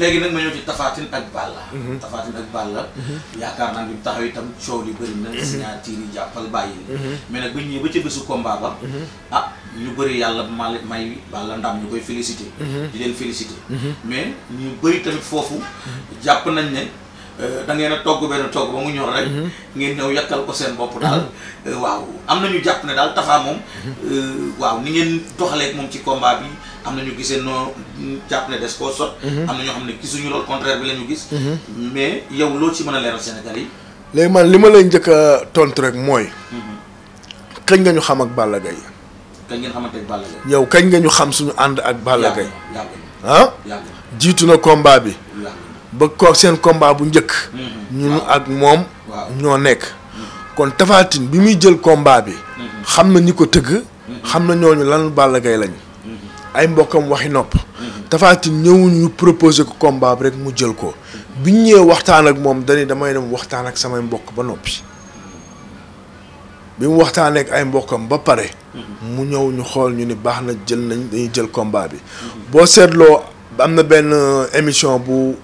léegi nag ma ñëw ci Tafatine ak Balla. Mhm. Tafatine ak Balla. Mhm. yaakaar naa ni mu taxaw itam coow li bëri na. Mhm. signature yi jàppal bàyyi la. mais nag bu ñu ba ca bésu combat ba. ah ñu bëri yàlla ma may Balla ndam ñu koy félicité. di leen félicité. mais ñu bëri tamit foofu jàpp nañ ne. Eh, da ngeen a togg benn togg ba mu ñor rek. Mhm. ngeen ñëw yàkkal ko seen bopp daal. Mhm. Eh, waaw am na ñu jàpp ne daal Tapha moom. Mhm. Eh, waaw ni ngeen doxaleeg moom ci combat bi am na ñu gisee noo jàpp ne des koo sot. am na ñoo xam ne gisuñu loolu contraire bi la gis. mais yow loo ci mën a leeral Sénégal yi. léegi man li ma lay njëkk tontu rek mooy. kañ nga ñu xam ak Balla Gaye. kañ ngeen xamante ak Balla Gaye. yow kañ nga ñu xam suñu ànd ak. Balla ah? jiitu na combat bi. ba ko seen combat bu njëkk. Mm-hmm. ñun ak moom. ñoo nekk. Mm-hmm. kon Tapha bi muy jël komba bi. Mm-hmm. xam na ñi ko tëgg. xam na ñooñu lan Balla gay lañ. ay mbokkam waxi nopp. Tapha ñëwuñu proposé ko combat bi rek mu jël ko. biñ ñëwee waxtaan ak moom dañuy damay dem waxtaan ak samay mbokk ba noppi. bi mu waxtaanee ak ay mbokkam ba pare. mu ñëw ñu xool ñu ni baax na jël nañ dañuy jël komba bi. boo seetloo am na benn euh, émission bu.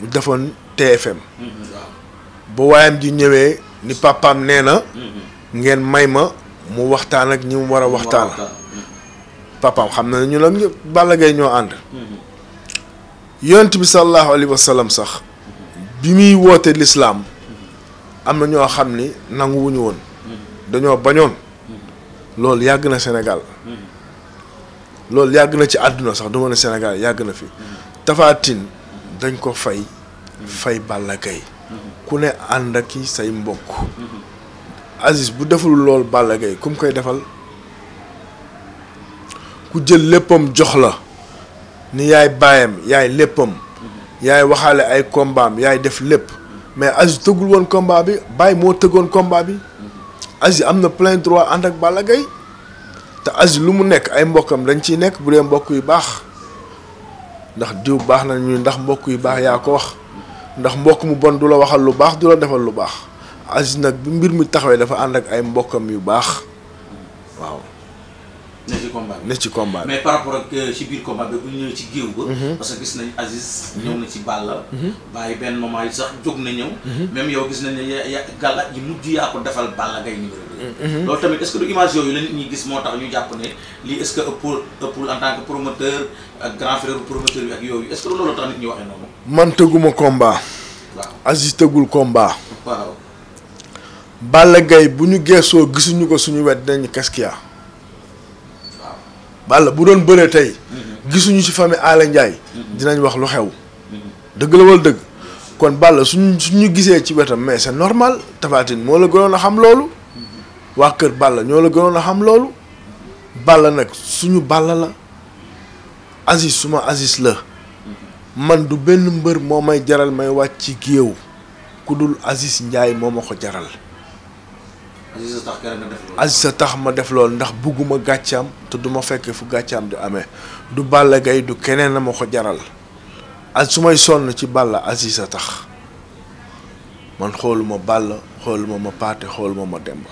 mu defoon TFM. Mm-hmm. bu waayam ji ñëwee ni papaam nee na. Mm-hmm. ngeen may ma mu waxtaan ak ñi mu war a waxtaan. Mm-hmm. papaam xam na ñu la ñëpp Balla Gaye ñoo ànd. yonent bi sallallahu alayhi wa sax. bi muy woote lislaam am na ñoo xam ni nanguwuñu woon. dañoo bañoon. loolu yàgg na Sénégal. loolu yàgg na ci àdduna sax du ma ne yàgg na fi. Tapha dañ ko fay fay Balla ku ne ànd ak say mbokk Aziz bu deful lool Balla Gaye ku mu koy defal ku jël léppam jox la ni yaay baayam yaay léppam yaay waxaale ay kombaam yaay def lépp mais Aziz tëggul woon combat bi Baye moo tëggoon combat bi Aziz am na plein droit ànd ak Balla te Aziz lu mu nekk ay mbokkam dañ ciy nekk bu dee mbokk yu baax ndax diw baax na ñu ndax mbokk yu baax yaa ko wax ndax mbokk mu bon du la waxal lu baax du la defal lu baax Aziz nag bi mbir mi taxawee dafa ànd ak ay mbokkam yu baax combat bi. nekk ci combat bi mais par rapport ak euh, ci biir combat bi bu ñu ñëwee ci géew ba. Mhm. parce que gis nañ Aziz. Mhm. ñëw na ci Balla. Mhm. bàyyi benn moment yi sax jóg na ñëw. même yow gis nañ ne ya ya gàllaaj yi mujj yaa ko defal Balla Gaye numéro bi. loolu tamit est-ce que du image yooyu la nit ñi gis moo tax ñu jàpp ne lii est-ce que ëppul ëppul en tant que promoteur ak grand frère promoteur bi ak yooyu est-ce que loolu tax nit ñi waxee noonu. man tëgguma combat. waaw Aziz tëggul combat. waaw. Balla Gaye bu ñu geesoo gisuñu ko suñu wet dinañu kaskia Balla bu doon bëree tey. gisuñu ci famille Aala Ndiaye. dinañ wax lu xew. dëgg la wala dëgg. kon Balla suñ suñu gisee ci wetam mais c'est normal Tapha moo la gënoon a xam loolu. waa kër Balla ñoo la gënoon a xam loolu. Balla nag suñu Balla la. Aziz suma Aziz la. man du benn mbër moo may jaral may wàcc ci géew ku dul Aziz Ndiaye moo ma ko jaral. Aziz sa tax ma def loolu ndax bëgguma gàccam te du ma fekk fu gàccaam di amee du Balla gay du keneen na ma ko jaral ak su may sonn ci Balla asi sa tax man xooluma Balla xooluma ma paate xooluma ma Demba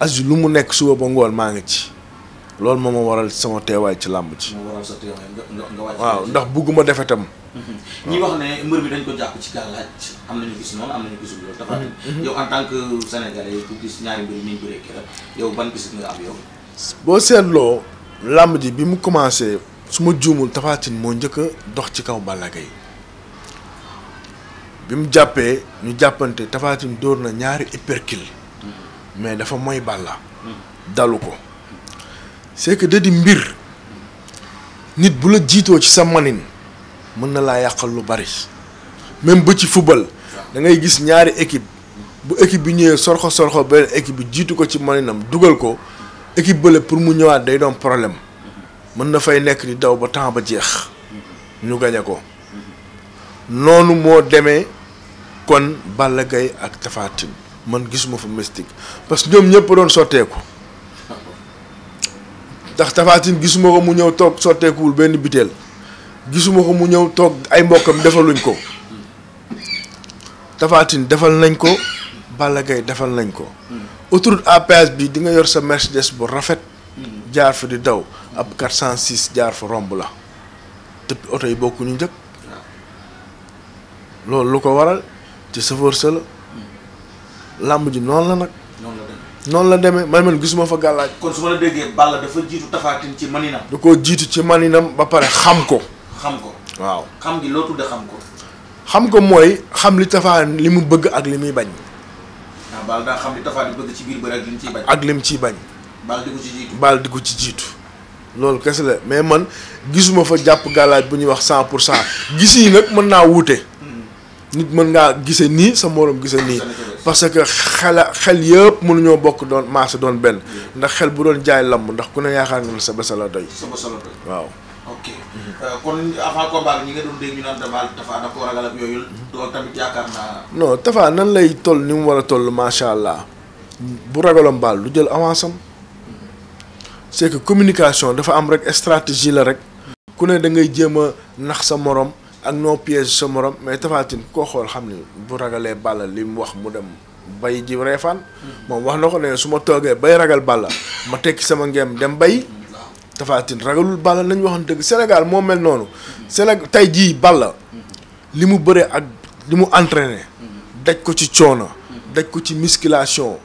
Aziz lu mu nekk suba ba ngoon maa ngi ci. loolu moo moo waral sama teewaay ci làmb ci waaw ndax bugguma defe tam mhm. ñi wax ne mbër bi dañ ko jàpp ci gàllaaj am nañu gis noonu am nañu mhm. yow en tant ñu bëree keroog boo seetloo làmb ji bi mu commencé su ma juumul Tapha moo njëkk a dox ci kaw Balla yi bi mu jàppee ñu jàppante Tapha Tine dóor na ñaari hypercule mhm. mais dafa moy Balla dalu ko c'est que da mbir nit bu la jiitoo ci sa manin mën na laa yàqal lu bari même ba ci football da gis ñaari équipe bu équipe bi ñëwee sorxo sorxo benn équipe bi jiitu ko ci maninam dugal ko équipe bële pour mu ñëwaat day doom problème mën na fay nekk di daw ba temps ba jeex ñu gañe ko noonu moo demee kon Balla Gaye ak Tapha Tine man gisuma fa mystique parce que ñoom ñëpp doon sotteeku ndax tafaatin gisuma ko mu ñëw toog sotteekuwul benn biteel gisuma ko mu ñëw toog ay mbokkam defaluñ ko tafaatin defal nañ ko Balla Gaye defal nañ ko autoroute à péage bi di nga yor sa Mercedes bu rafet jaar fa di daw ab 406 jaar fa romb la te oto yi bokkuñu njëkk loolu lu ko waral ci chauffeur sa làmb ji noonu la nag noonu la demee man man gisuma fa gàllaaj kon su ma la déggee Balla dafa jiitu tafaatin ci maninam. du koo jiitu ci maninam ba pare xam ko. xam ko waaw. xam gi loo tudde xam ko. xam ko mooy xam li tafaan li mu bëgg ak li muy bañ. ah Balla daa xam li tafaan bëgg ak li ciy bañ. ak li di ko ci jiitu. loolu kes la mais man gisuma fa jàpp gàllaaj bu ñuy wax cent pour cent gis yi nag mën naa wuute. nit mën ngaa gisee nii sa morom gisee nii parce que xela xel yëpp mënuñoo bokk doon maase doon benn ndax xel bu doon jaay lamb ndax ku ne yaakaar nga sa besa la doy waaw ok euh, kon avant combat ñi nga doon dégg ñu naan damaa tafa da ko ragal ak yooyu doon tamit yaakaar naa non tafa nan lay toll ni mu war a toll macha allah bu ragalam baal du jël avance am c'est que communication dafa am rek stratégie la rek ku ne morom ak noo piège sa morom mais tafaatin koo xool xam ni bu ragalee Balla li mu wax mu dem bay ji reefaan moom wax na ko ne su ma toogee bay ragal Balla ma tekki sama ngeem dem bay Tapha Tine ragalul Balla wax waxoon dëgg Sénégal moo mel noonu Sénégal tey jii Balla li mu bëree ak li mu entraîné daj ko ci coona daj ko ci musculation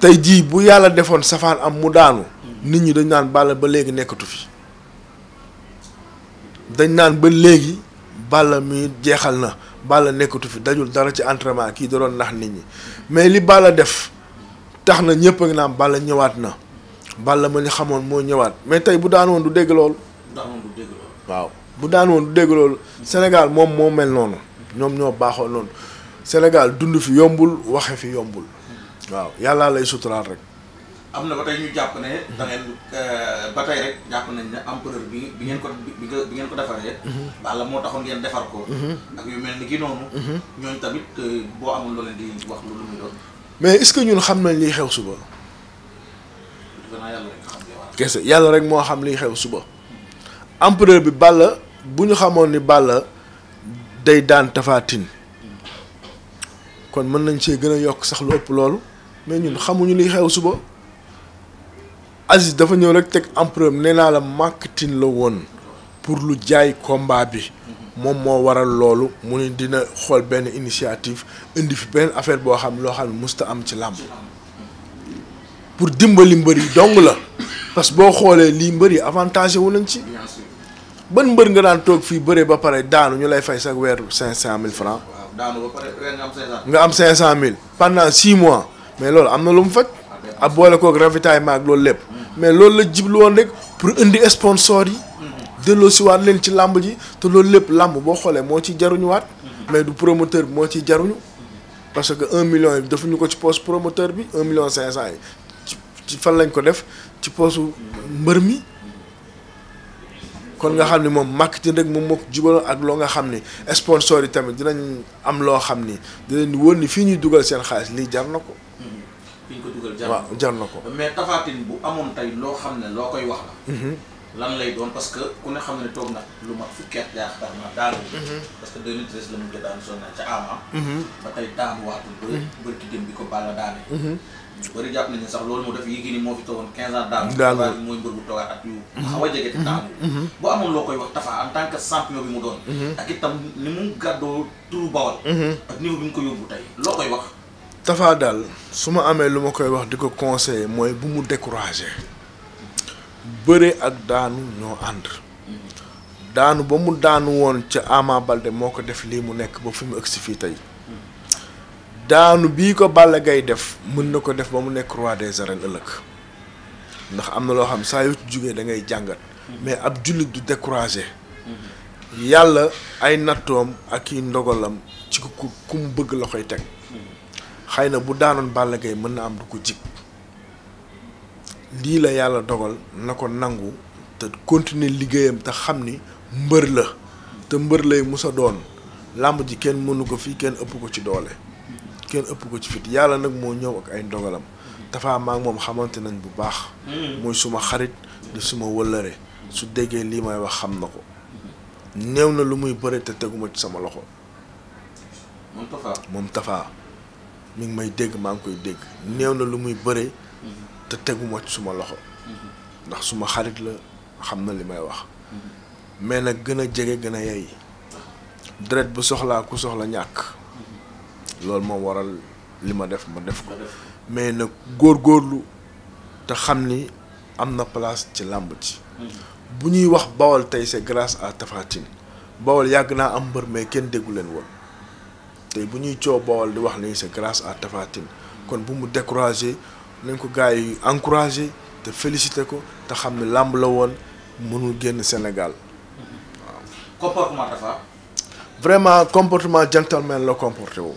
tey jii bu yàlla defoon safaan am mu daanu nit ñi dañ naan Balla ba léegi nekkatu fi dañ naan ba léegi Balla mi jeexal na Balla nekkatu fi dajul dara ci entraînement kii da doon nax nit ñi mais li Balla def tax na ñëpp a ngi naan Balla ñëwaat na Balla ma ñu xamoon moo ñëwaat mais tey bu daan woon du dégg loolu. waaw bu daan woon du dégg loolu Sénégal moom moo mel noonu ñoom ñoo baaxoon noonu Sénégal dund fi yombul waxe fi yombul hmm. waaw yàllaa lay suturaal rek. am na ba tey ñu jàpp ne. da ngeen euh, ba nañ ne empereur bi ngeen ko ngeen ko defaree. Mhm. Balla moo taxoon ngeen defar ko. Mhm. ak yu mel ni ki noonu. Mhm. ñooñu tamit euh, boo mais est-ce que ñun xam nañ liy xew suba. kese yàlla rek moo xam liy xew suba. empereur bi Balla bu ñu xamoon ni Balla day daan tafaatin mm. kon mën nañ cee gën a yokk sax lu ëpp loolu mais ñun xamuñu liy xew suba. Aziz dafa ñëw rek teg empereur nee naa la marketing la woon pour lu jaay combat bi moom moo waral loolu mu ne dina xool benn initiative indi fi benn affaire boo xam loo xam ne musta am ci làmb pour dimbali mbër yi dong la parce que boo xoolee lii mbër yi avantage wu nañ ci ban mbër nga daan toog fii bëree ba pare daanu ñu lay fay sax weer cinq cent mille francs daanu nga am cinq cent mille pendant six mois mais loolu am na lu mu faj ak ah, boole koog ravitaillement maa loolu lépp mais loolu la jiblu woon rek pour indi sponsor yi. delloosiwaat leen ci làmb ji te loolu lépp làmb boo xoolee moo ciy jaruñuwaat. mais du promoteur bi moo ciy jaruñu. parce que un million yi defuñu ko ci poche promoteur bi un million cinq cent yi ci fan lañ ko def ci poche mbër mi. kon nga xam ni moom marketing rek moom moo ko jubaloon ak loo nga xam ni sponsor yi tamit dinañ am loo xam ni dinañ wóor ni fii ñuy dugal seen xaalis lii jar na ko. dugal. waaw jar na ko mais tafaatin bu amoon tey loo xam ne loo koy wax la. Mhm. lan lay doon parce que ku ne xam ne toog na lu mat fukki at jaaxal na daanu. Mhm. parce que 2013 la mu jël daan sonn ca Ama. Mhm. ba tey daanu waatul. ba bëri ci dem bi ko Balla daane. ñu a amoon loo koy wax Tapha en tant que champion bi mu doon. ak itam ni mu gàddoo turu Bawol. ak niveau bi mu ko yóbbu tey loo koy wax. Tapha daal su ma amee lu ma koy wax di ko conseiller mooy bu mu décourager bëre ak daanu ñoo ànd daanu ba mu daanu woon ca Ama Baldé moo ko def lii mu nekk ba fi mu si fii tey daanu bii ko Balla gay def mën na ko def ba mu nekk roi des arènes ëllëg ndax am na loo xam saa yu jugee da ngay jàngat mais ab jullit du décourager yàlla ay nattoom ak i ndogalam ci ku ku mu bëgg la koy teg xay na bu daanoon Balla Gaye mën na am du ko jig lii la yàlla dogal na ko nangu te continuer liggéeyam te xam ni mbër la te mbër lay musa doon làmb ji kenn mënu ko fii kenn ëpp ko ci doole kenn ëpp ko ci fit yàlla nag moo ñëw ak ay dogalam dafa maa moom xamante nañ bu baax mooy suma xarit di suma wëllëre su déggee lii may wax xam na ko néew na lu muy bëre te teguma ci sama loxo moom Tapha mi ngi may dégg maa ngi koy dégg néew na lu muy bëree mm-hmm. te teguma ci suma loxo mm-hmm. ndax suma xarit la xam na li may wax mm-hmm. mais nag gën a jege gën a yey deret bu soxlaa ku soxla ñàkk loolu moo waral li ma def ma def ko mais nag góorgóorlu te xam ni am na place ci làmb ci bu ñuy wax bawal tey c'est grace à Tapha Tine yàgg naa am mbër mais kenn déggu leen woon tey bu ñuy coow Bawol di wax ni c'est grâce à Tapha kon bu mu découragé nañ ko gars yi encouragé te félicité ko te xam ne làmb la woon mënul génn Sénégal waaw. comportement Tapha. vraiment comportement gentleman la comporté wu.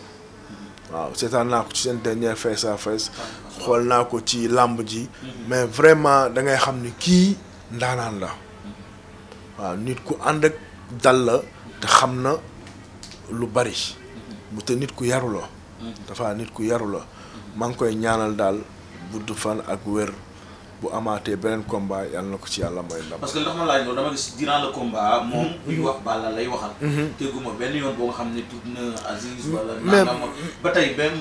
waaw seetaan naa ko ci seen dernier face à face xool naa ko ci làmb ji. mais vraiment da ngay xam ni kii ndaanaan la. waaw nit ku ànd ak dal la te xam na lu bari. bu te nit ku yaru dafa nit ku yaru la maa ngi koy ñaanal daal gudd fan ak wér bu amaatee beneen combat yàlla na ko ci yàlla may ndam. parce que li ma laaj loolu dama gis wax Balla lay mhm. boo xam ne mais ba tey benn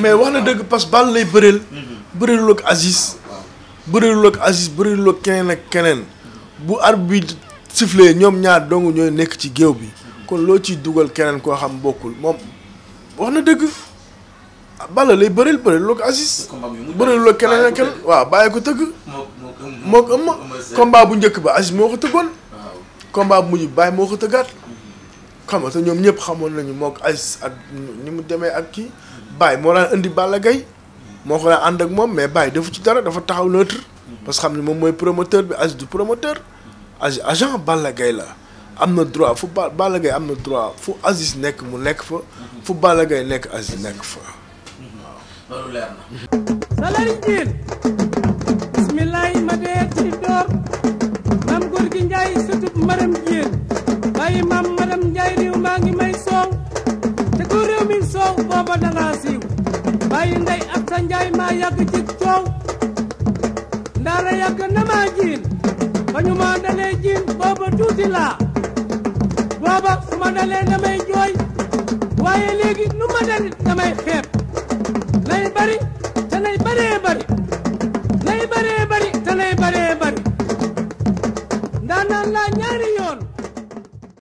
mais wax na dëgg parce que Balla lay bëreel. Mhm. bëreelul ak Aziz. Ah, bëreelul ak Aziz bëreelul ak keneen ak keneen. bu arbitre bi siflee ñoom ñaar dong ñooy nekk ci géew bi. kon loo ciy dugal keneen koo xam bokkul moom wax na dëgg Balla lay bëril bëril loo ko Aziz bëril loo keneen ak keneen waaw bàyyi ko tëgg moo ko ëmma combat bu njëkk ba Aziz moo ko tëggoon combat bu mujj bàyyi moo ko tëggaat mm-hmm. xam nga te ñoom ñëpp xamoon nañu moo ko ak ni mu demee ak kii Baye moo daan indi Balla gay mm-hmm. moo ko daan ànd ak moom mais Baye defu ci dara dafa taxaw neutre mm-hmm. parce xam ne moom mooy promoteur bi Aziz du promoteur Aziz agent Balla gay la am na droit fu am na droit fu Aziz nekk mu nekk fa mhm. fu Balla Gaye mhm. jiin bismillahi ma dee ci door maam góor gi njaay sëtub maram jiin bàyyi maam maram njaay réew maa ngi may soow te ko réew mi soow booba dangaa siiw bàyyi ndey ak sa njaay maa yàgg ci coow ndaara yàgg na maa jiin ba ñu maa dalee jiin booba tuuti laa booba su ma dalee damay jooy waaye léegi nu ma dalit damay xeeb nay bari te baree bari nay baree bari te baree bari ndaanaan laa ñaari yoon